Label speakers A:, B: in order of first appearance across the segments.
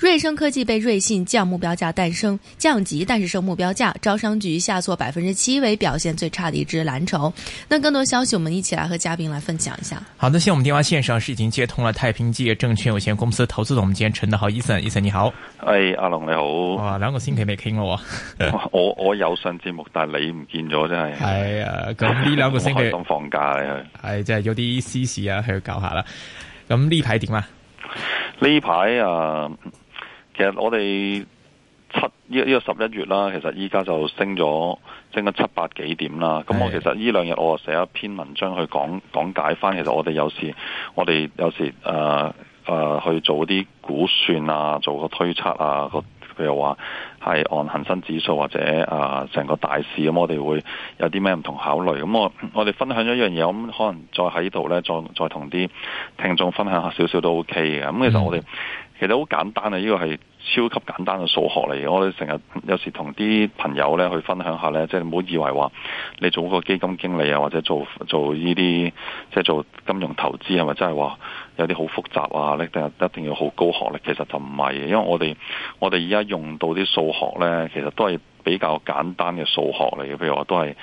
A: 瑞聲科技被瑞信降目標價，誕生降級，但是升目標價。招商局下挫百分之七，為表現最差的一隻藍籌。那更多消息，我們一起來和嘉賓來分享一下。好的，
B: 現在我們電話線上是已經接通了太平基業證券有限公司投資總監陳德豪。Ethan，Ethan 你好。
C: 誒，hey, 阿龍你好。哇、哦，兩個星期未傾咯。我我,我有上節目，但你唔見咗真係。係
B: 啊，咁呢兩個星期當放假啊。係即係有啲私事啊去搞下啦。咁呢排點啊？
C: 呢排啊。其實我哋七呢呢、這個十一月啦，其實依家就升咗升咗七百幾點啦。咁的我其實呢兩日我寫一篇文章去講講解翻，其實我哋有時我哋有時誒誒、呃呃、去做啲估算啊，做個推測啊，譬如話係按恒生指數或者誒成、呃、個大市咁，我哋會有啲咩唔同考慮。咁我我哋分享咗一樣嘢，咁可能再喺度咧，再再同啲聽眾分享下，少少都 O K 嘅。咁其實我哋其實好簡單啊，呢、這個係。超級簡單嘅數學嚟，我哋成日有時同啲朋友咧去分享下咧，即係唔好以為話你做個基金經理啊，或者做做呢啲即係做金融投資係咪真係話有啲好複雜啊？咧定係一定要好高學歷，其實就唔係嘅，因為我哋我哋而家用到啲數學咧，其實都係比較簡單嘅數學嚟嘅，譬如話都係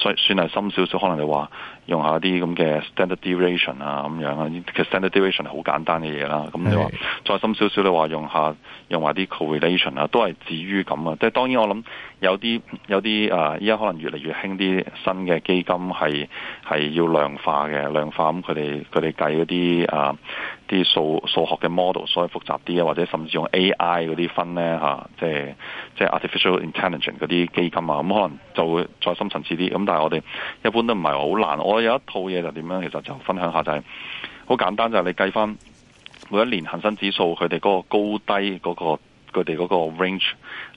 C: 算算係深少少，可能你話。用下啲咁嘅 standard deviation 啊，咁樣啊，其實 standard deviation 係好簡單嘅嘢啦。咁你話再深少少你話用下用埋啲 correlation 啊，都係至於咁啊。即係當然我諗有啲有啲啊，依家可能越嚟越興啲新嘅基金係係要量化嘅，量化咁佢哋佢哋計嗰啲啊啲數數學嘅 model，所以複雜啲啊，或者甚至用 AI 啲分咧吓、啊，即係即係 artificial intelligence 啲基金啊，咁、嗯、可能就會再深層次啲。咁但係我哋一般都唔係好難我。我有一套嘢，就點樣，其實就分享下，就係好簡單，就係你計翻每一年恒生指數佢哋嗰個高低嗰個佢哋嗰個 range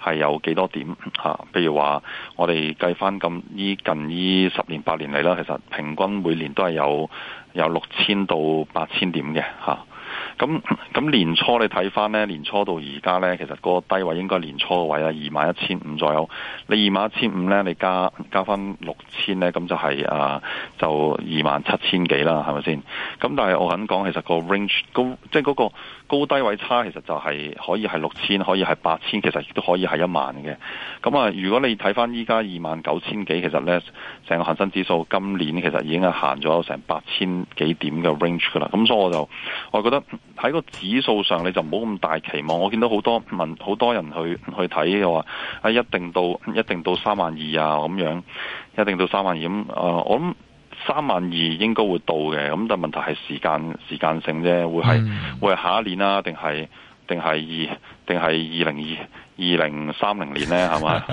C: 係有幾多點吓？譬如話我哋計翻咁呢近呢十年八年嚟啦，其實平均每年都係有有六千到八千點嘅吓。啊咁咁年初你睇翻呢，年初到而家呢，其實個低位應該年初個位啦，二萬一千五左右。你二萬一千五呢，你加加翻六千呢，咁就係、是、啊，uh, 就二萬七千幾啦，係咪先？咁但係我肯講，其實個 range 高即係嗰個高低位差，其實就係可以係六千，可以係八千，其實亦都可以係一萬嘅。咁啊，如果你睇翻依家二萬九千幾，其實呢成個恒生指數今年其實已經係行咗成八千幾點嘅 range 噶啦。咁所以我就我覺得。喺個指數上，你就唔好咁大期望。我見到好多問，好多人去去睇，話喺一定到一定到三萬二啊，咁樣，一定到三萬二咁。誒，我諗三萬二應該會到嘅。咁但問題係時間時間性啫，會係會係下一年啊，定係。定係二，定係二零二二零三零年呢？係嘛？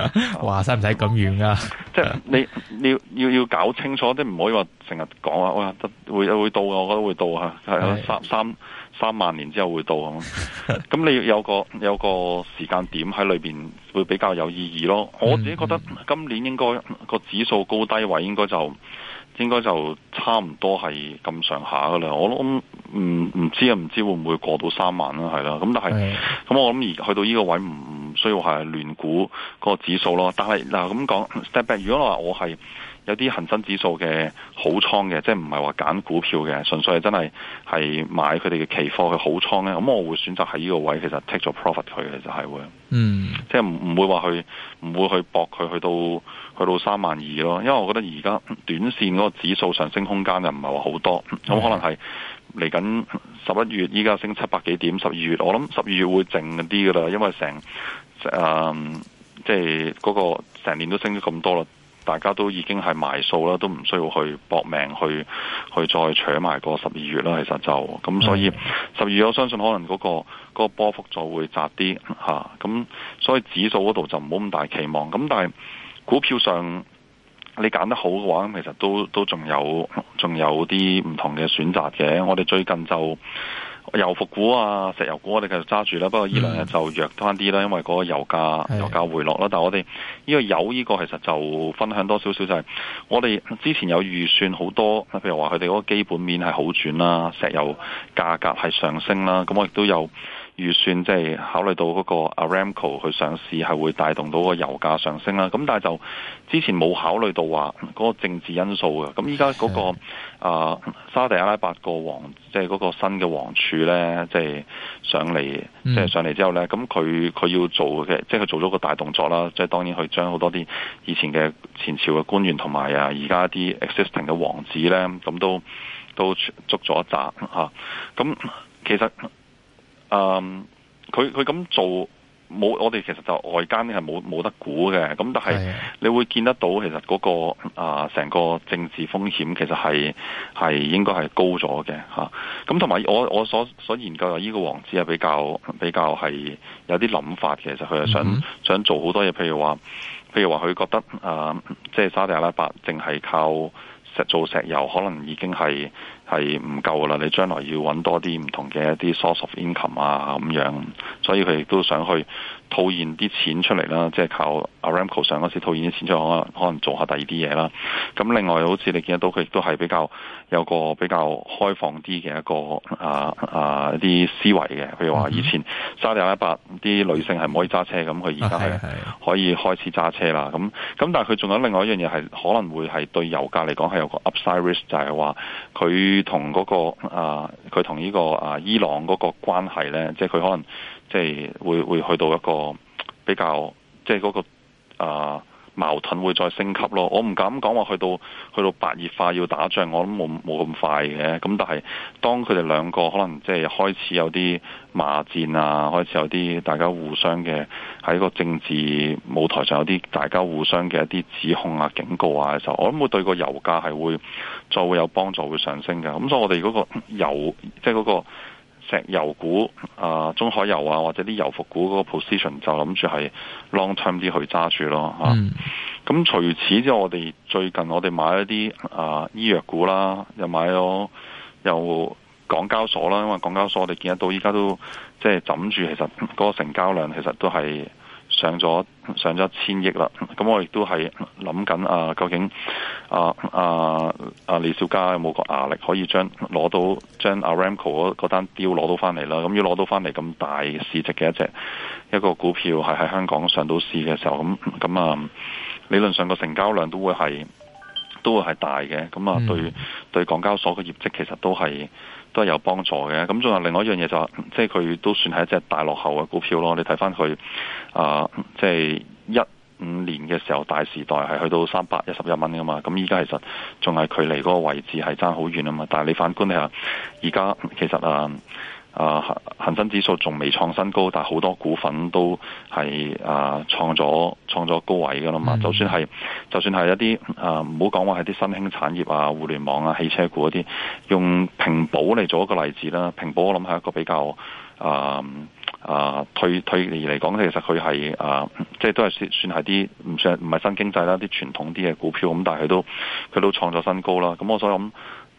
C: 哇、 嗯，使
B: 唔使咁遠啊？
C: 即係你要要要搞清楚啲，唔可以話成日講啊。哇、哎，會會到啊，我覺得會到啊，係啦的，三三三萬年之後會到咁。咁 你要有個有個時間點喺裏邊會比較有意義咯。我自己覺得今年應該個指數高低位應該就。應該就差唔多係咁上下嘅啦，我諗唔唔知啊，唔知會唔會過到三萬啦，係啦。咁但係，咁的、嗯、我諗而去到呢個位唔唔需要係亂估個指數咯。但係嗱咁講，如果話我係。有啲恒生指數嘅好倉嘅，即係唔係話揀股票嘅，純粹係真係係買佢哋嘅期貨嘅好倉咧。咁我會選擇喺呢個位，其實 take 咗 profit 佢嘅就係、是、會，嗯即會，即係唔唔會話去唔會去搏佢去到去到三萬二咯。因為我覺得而家短線嗰個指數上升空間又唔係話好多，咁是的 可能係嚟緊十一月依家升七百幾點，十二月我諗十二月會靜啲噶啦，因為成誒、嗯、即係嗰、嗰個成年都升咗咁多啦。大家都已經係埋數啦，都唔需要去搏命去去再搶埋個十二月啦。其實就咁，所以十二月我相信可能嗰個嗰個波幅就會窄啲嚇。咁、啊、所以指數嗰度就唔好咁大期望。咁但係股票上你揀得好嘅話，其實都都仲有仲有啲唔同嘅選擇嘅。我哋最近就。油服股啊，石油股我哋繼續揸住啦。不過呢兩日就弱返啲啦，因為嗰個油價、的油價回落啦。但係我哋呢個有呢個其實就分享多少少就係、是，我哋之前有預算好多，譬如話佢哋嗰個基本面係好轉啦，石油價格係上升啦，咁我亦都有。預算即係、就是、考慮到嗰個 Aramco 去上市係會帶動到個油價上升啦，咁但係就之前冇考慮到話嗰個政治因素嘅，咁依家嗰個啊、呃、沙地阿拉伯個王，即係嗰個新嘅王儲咧，即、就、係、是、上嚟，即、就、係、是、上嚟之後咧，咁佢佢要做嘅，即係佢做咗個大動作啦，即、就、係、是、當然佢將好多啲以前嘅前朝嘅官員同埋啊，而家啲 existing 嘅王子咧，咁都都捉咗一紮吓，咁其實。嗯，佢佢咁做，冇我哋其實就外間係冇冇得估嘅，咁但係你會見得到，其實嗰、那個啊成、呃、個政治風險其實係係應該係高咗嘅吓。咁同埋我我所所研究啊，呢個王子係比較比較係有啲諗法嘅，其實佢係想、mm hmm. 想做好多嘢，譬如話譬如話佢覺得啊，即、呃、係、就是、沙地阿拉伯淨係靠。做石油可能已經係係唔夠噶啦，你將來要揾多啲唔同嘅一啲 source of income 啊，咁樣。所以佢亦都想去。套現啲錢出嚟啦，即係靠 Aramco 上嗰時套現啲錢出嚟，可可能做下第二啲嘢啦。咁另外，好似你見得到佢亦都係比較有個比較開放啲嘅一個啊啊一啲思維嘅。譬如話以前、嗯、沙地阿拉伯啲女性係唔可以揸車，咁佢而家係可以開始揸車啦。咁咁但係佢仲有另外一樣嘢係可能會係對油價嚟講係有個 Upside Risk，就係話佢同嗰個啊佢同呢個啊伊朗嗰個關係咧，即係佢可能。即係會會去到一個比較，即係嗰個啊矛盾會再升級咯。我唔敢講話去到去到白熱化要打仗，我諗冇冇咁快嘅。咁但係當佢哋兩個可能即係開始有啲罵戰啊，開始有啲大家互相嘅喺個政治舞台上有啲大家互相嘅一啲指控啊、警告啊嘅時候，我諗會對個油價係會再會有幫助，會上升嘅。咁所以，我哋嗰個油即係嗰個。石油股啊，中海油啊，或者啲油服股個 position 就諗住係 long term 啲去揸住咯吓，咁、嗯啊、除此之外，我哋最近我哋買一啲啊醫藥股啦，又買咗又港交所啦，因為港交所我哋見得到依家都即係枕住，其實個成交量其實都係。上咗上咗一千億啦，咁我亦都係諗緊啊，究竟啊啊啊李小加有冇個壓力可以將攞到將 Aramco 嗰嗰單 deal 攞到翻嚟啦？咁要攞到翻嚟咁大市值嘅一隻一個股票，係喺香港上到市嘅時候，咁咁啊理論上個成交量都會係都會係大嘅，咁啊、嗯、對對港交所嘅業績其實都係。都係有幫助嘅，咁仲有另外一樣嘢就係，即係佢都算係一隻大落後嘅股票咯。你睇翻佢啊，即係一五年嘅時候大時代係去到三百一十一蚊噶嘛，咁依家其實仲係距離嗰個位置係爭好遠啊嘛。但係你反觀你啊，而家其實啊，呃啊，恆生指數仲未創新高，但係好多股份都係啊創咗創咗高位噶啦嘛，嗯就。就算係就算係一啲啊，唔好講話係啲新興產業啊、互聯網啊、汽車股嗰啲，用平保嚟做一個例子啦。平保我諗係一個比較啊啊退退而嚟講，其實佢係啊，即係都係算係算係啲唔算唔係新經濟啦，啲傳統啲嘅股票咁，但係佢都佢都創咗新高啦。咁我所以諗。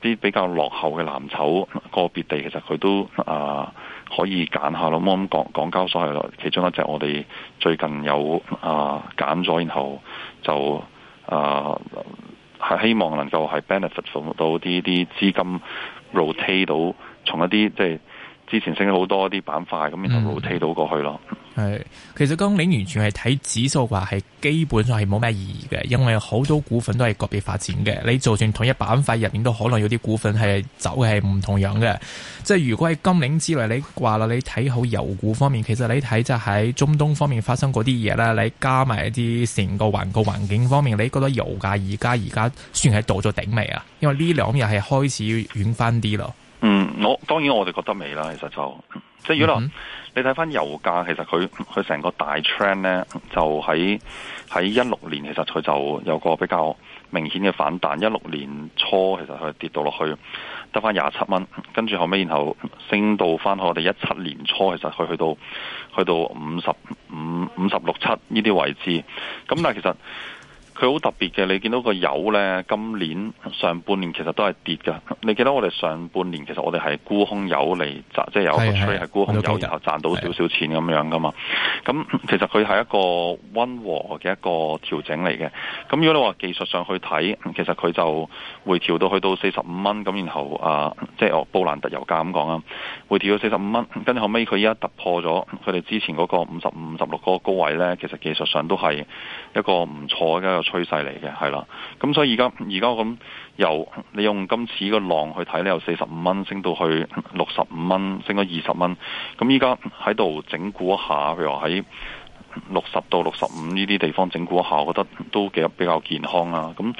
C: 啲比較落後嘅藍籌，那個別地，其實佢都啊、呃、可以揀下咯。咁講港交所係咯，其中一隻我哋最近有啊揀咗，然後就啊係、呃、希望能夠係 benefit 到啲啲資金 rotate 到從一啲即係。之前升咗好多啲板塊，咁然後冇睇到過去咯。
B: 係、嗯，其實今年完全係睇指數話，係基本上係冇咩意義嘅，因為好多股份都係個別發展嘅。你就算同一板塊入面，都可能有啲股份係走係唔同樣嘅。即係如果喺今年之內，你話啦，你睇好油股方面，其實你睇就喺中東方面發生嗰啲嘢啦。你加埋一啲成個環個環境方面，你覺得油價而家而家算係到咗頂未啊？因為呢兩日係開始要軟返啲咯。
C: 嗯，我當然我哋覺得未啦，其實就即係如果話你睇翻油價，其實佢佢成個大 trend 咧，就喺喺一六年，其實佢就有個比較明顯嘅反彈。一六年初其實佢跌到落去得翻廿七蚊，跟住後尾然後升到翻去我哋一七年初，其實佢去到去到五十五五十六七呢啲位置。咁但係其實佢好特別嘅，你見到個油呢，今年上半年其實都係跌㗎。你記得我哋上半年其實我哋係沽空油嚟，即係有個趨勢係沽空油的然後賺到少少錢咁的樣噶嘛。咁其實佢係一個溫和嘅一個調整嚟嘅。咁如果你話技術上去睇，其實佢、嗯、就回調到去到四十五蚊咁，然後啊，即係布蘭特油價咁講啊，回調到四十五蚊，跟住後尾佢依家突破咗佢哋之前嗰個五十五、五十六個高位呢，其實技術上都係一個唔錯嘅趨勢嚟嘅，係啦，咁、嗯、所以而家而家咁由你用今次個浪去睇，咧由四十五蚊升到去六十五蚊，升咗二十蚊，咁依家喺度整固一下，譬如話喺六十到六十五呢啲地方整固下，我覺得都幾比較健康啦、啊。咁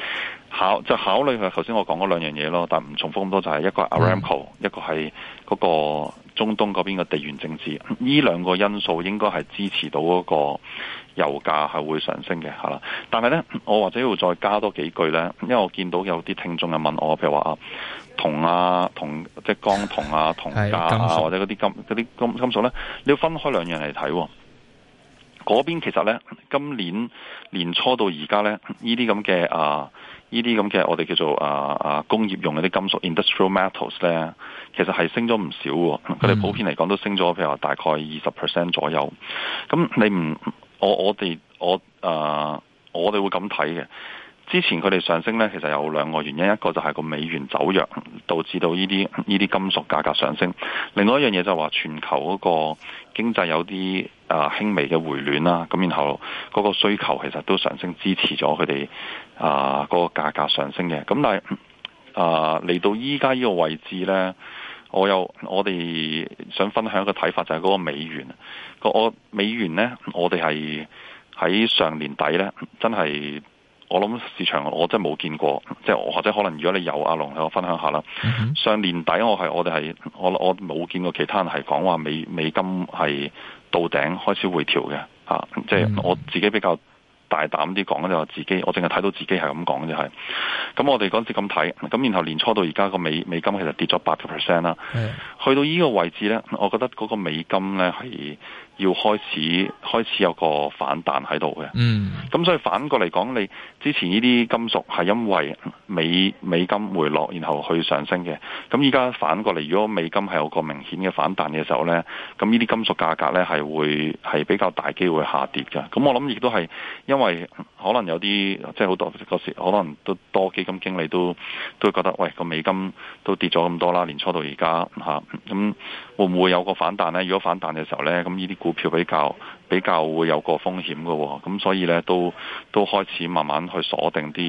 C: 考就考慮係頭先我講嗰兩樣嘢咯，但係唔重複咁多，就係、是、一個 Aramco，mm. 一個係嗰個中東嗰邊嘅地緣政治。呢兩個因素應該係支持到嗰個油價係會上升嘅，係啦。但係呢，我或者要再加多幾句呢，因為我見到有啲聽眾又問我，譬如話啊，銅啊，銅即係鋼銅啊，銅價啊，或者嗰啲金嗰啲金金、金、金屬咧，你要分開兩樣嚟睇喎。嗰邊其實呢，今年年初到而家呢，呢啲咁嘅啊，呢啲咁嘅我哋叫做啊啊工業用嗰啲金屬 （Industrial Metals） 呢，其實係升咗唔少喎。佢哋普遍嚟講都升咗，譬如話大概二十 percent 左右。咁你唔、啊，我我哋我啊，我哋會咁睇嘅。之前佢哋上升呢，其實有兩個原因，一個就係個美元走弱，導致到呢啲呢啲金屬價格上升；另外一樣嘢就話全球嗰個經濟有啲啊輕微嘅回暖啦，咁然後嗰個需求其實都上升，支持咗佢哋啊、嗰個價格上升嘅。咁但係啊嚟到依家呢個位置呢，我又我哋想分享一個睇法，就係嗰個美元、嗰個我美元呢，我哋係喺上年底呢，真係。我諗市場我真係冇見過，即係或者可能如果你有，阿龍喺我分享下啦。嗯、哼上年底我係我哋係我我冇見過其他人係講話美美金係到頂開始回調嘅嚇，即係我自己比較大膽啲講咧就話自己，我淨係睇到自己係咁講嘅就係。咁我哋嗰陣時咁睇，咁然後年初到而家個美美金其實跌咗八個 percent 啦，嗯、去到依個位置咧，我覺得嗰個美金咧係，要開始開始有個反彈喺度嘅，咁所以反過嚟講，你之前呢啲金屬係因為美美金回落然後去上升嘅，咁依家反過嚟，如果美金係有個明顯嘅反彈嘅時候呢，咁呢啲金屬價格呢係會係比較大機會下跌嘅。咁我諗亦都係因為可能有啲即係好多時可能都多基金經理都都覺得，喂，個美金都跌咗咁多啦，年初到而家嚇，咁、啊、會唔會有個反彈呢？如果反彈嘅時候呢，咁呢啲股票比較比較會有個風險嘅、哦，咁所以咧都都開始慢慢去鎖定啲，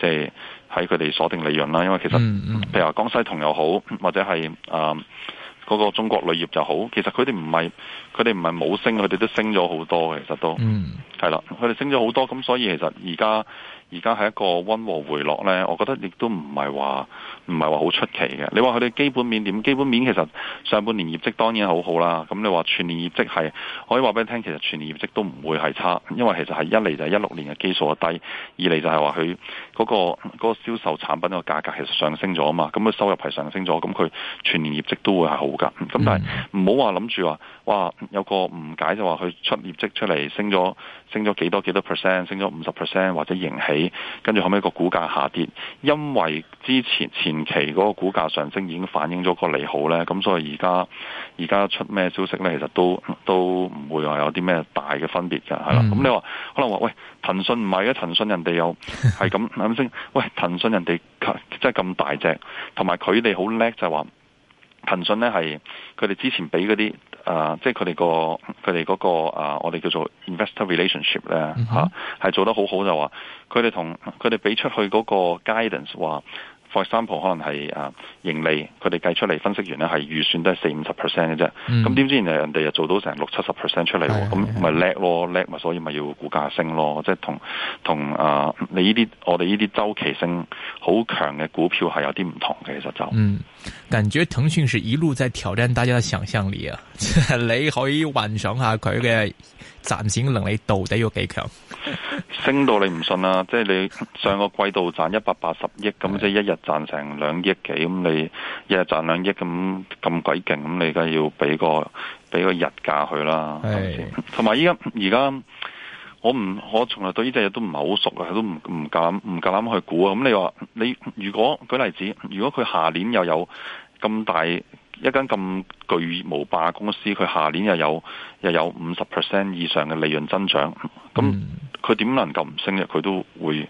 C: 即係喺佢哋鎖定利潤啦。因為其實、嗯嗯、譬如話江西銅又好，或者係誒嗰個中國鋁業就好。其實佢哋唔係佢哋唔係冇升，佢哋都升咗好多。其實都係啦，佢哋、嗯、升咗好多。咁所以其實而家而家係一個溫和回落咧，我覺得亦都唔係話唔係話好出奇嘅。你話佢哋基本面點？基本面其實上半年業績當然好好啦。咁你話全年業績係可以話俾你聽，其實全年業績都唔會係差，因為其實係一嚟就係一六年嘅基數啊低，二嚟就係話佢嗰個嗰個銷售產品個價格其實上升咗啊嘛。咁佢收入係上升咗，咁佢全年業績都會係好㗎。咁但係唔好話諗住話哇，有個誤解就話佢出業績出嚟升咗升咗幾多幾多 percent，升咗五十 percent 或者盈起，跟住後尾個股價下跌，因為之前前期嗰個股價上升已經反映咗個利好咧，咁所以而家而家出咩消息咧？其實都都唔會話有啲咩大嘅分別嘅，係啦、mm。咁、hmm. 你話可能話喂，騰訊唔係啊，騰訊人哋又係咁諗先，喂，騰訊人哋即係咁大隻，同埋佢哋好叻就話騰訊咧，係佢哋之前俾嗰啲誒，即係佢哋個佢哋嗰個誒、呃，我哋叫做 investor relationship 咧、啊、吓，係、mm hmm. 做得好好就話，佢哋同佢哋俾出去嗰個 guidance 話。For example 可能係啊盈利佢哋計出嚟分析完咧，係預算都係四五十 percent 嘅啫，咁點、嗯、知人哋又做到成六七十 percent 出嚟，咁咪叻咯叻，咪所以咪要股價升咯，即係同同啊你呢啲我哋呢啲周期性好強嘅股票係有啲唔同嘅，其實就。嗯
B: 感覺騰訊是一路在挑戰大家的想象力啊！ 你可以幻想下佢嘅賺錢能力到底有幾強，
C: 升到你唔信啊，即係你上個季度賺一百八十億，咁即係一日賺成兩億幾，咁你一日賺兩億咁咁鬼勁，咁你梗係要俾個俾個日價佢啦。係， 同埋依家而家。我唔，我從來對呢隻嘢都唔係好熟啊，佢都唔唔夠膽唔夠膽諗去估啊。咁你話你如果舉例子，如果佢下年又有咁大一間咁巨無霸公司，佢下年又有又有五十 percent 以上嘅利潤增長，咁佢點能夠唔升咧？佢都會。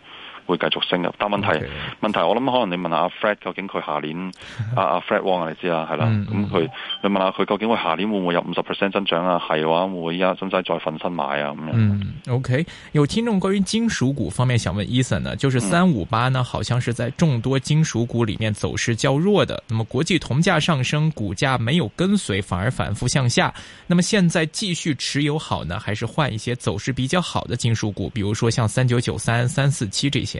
C: 會繼續升嘅，但問題 Okay. 問題我諗可能你問下阿 Fred 究竟佢下年阿阿、 啊、Fred Wong 你知啦，係啦，咁佢你問下佢究竟佢下年會唔會有五十 percent 增長啊？係嘅話，會啊，使唔使再瞓身買啊咁樣。嗯
B: ，OK，有聽眾關於金屬股方面想問 Eason 呢，就是三五八呢，好像是在眾多金屬股裏面走勢較弱的，嗯、那麼國際銅價上升，股價沒有跟隨，反而反覆向下，那麼現在繼續持有好呢，還是換一些走勢比較好的金屬股，比如說像三九九三、三四七這些？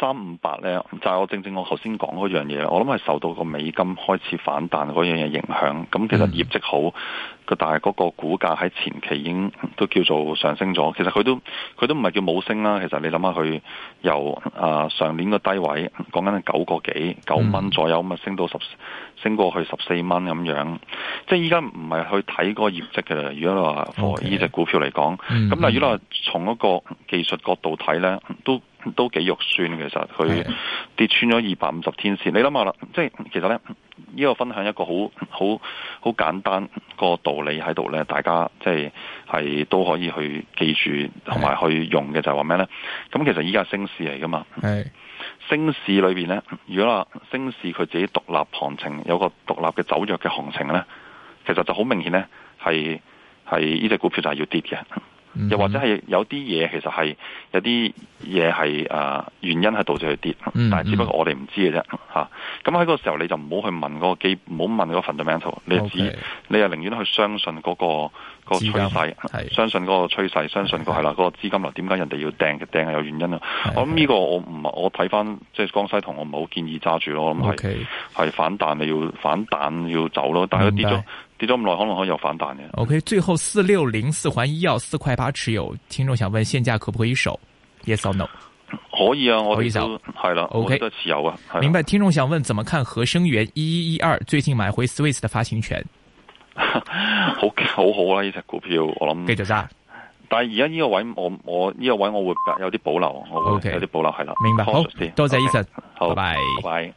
C: 三五八咧，就係、我正正我頭先講嗰樣嘢，我諗係受到個美金開始反彈嗰樣嘢影響。咁其實業績好，但係嗰個股價喺前期已經都叫做上升咗。其實佢都佢都唔係叫冇升啦。其實你諗下佢由啊、呃、上年個低位，講緊九個幾九蚊左右咁啊、嗯，升到十升過去十四蚊咁樣。即係依家唔係去睇個業績嘅，如果你話呢隻股票嚟講。咁、嗯、但係如果話咧，從一個技術角度睇咧，都。都幾肉酸，其實佢跌穿咗二百五十天線。的你諗下啦，即係其實呢，呢個分享一個好好好簡單個道理喺度呢。大家即係係都可以去記住同埋去用嘅，就係話咩呢？咁其實依家升市嚟㗎嘛，的升市裏邊呢，如果話升市佢自己獨立行情，有個獨立嘅走弱嘅行情呢，其實就好明顯呢，係係呢隻股票就係要跌嘅。又或者係有啲嘢，其實係有啲嘢係啊原因係導致佢跌，嗯嗯，但係只不過我哋唔知嘅啫嚇。咁、啊、喺個時候你就唔好去問嗰、嗰個基，唔好問嗰個 fundamental，你只 Okay. 你又寧願去相信嗰、嗰個。個趨勢，金相信嗰個趨勢，的相信個係啦，嗰個資金流，點解人哋要掟嘅掟係有原因啊的。我諗呢個我唔，我睇翻即係江西同我唔好建議揸住咯。咁係係反彈你要反彈要走咯，但係跌咗跌咗咁耐，可能可以有反彈嘅。
B: OK，最後四六零四環醫藥四塊八持有，聽眾想問現價可唔可以守？Yes or no？
C: 可以啊，我可以都係啦。OK，、啊、都持有啊。Okay.
B: 明白，聽眾想問怎麼看合生元一一一二最近買回 Swiss 的發行權？
C: 好，好好好啦。呢隻股票我諗繼續揸，但係而家呢個位我我呢、這個位我會有啲保留，Okay. 我會有啲保留係啦。明白，方便 好，多謝 Ethan，好，拜拜。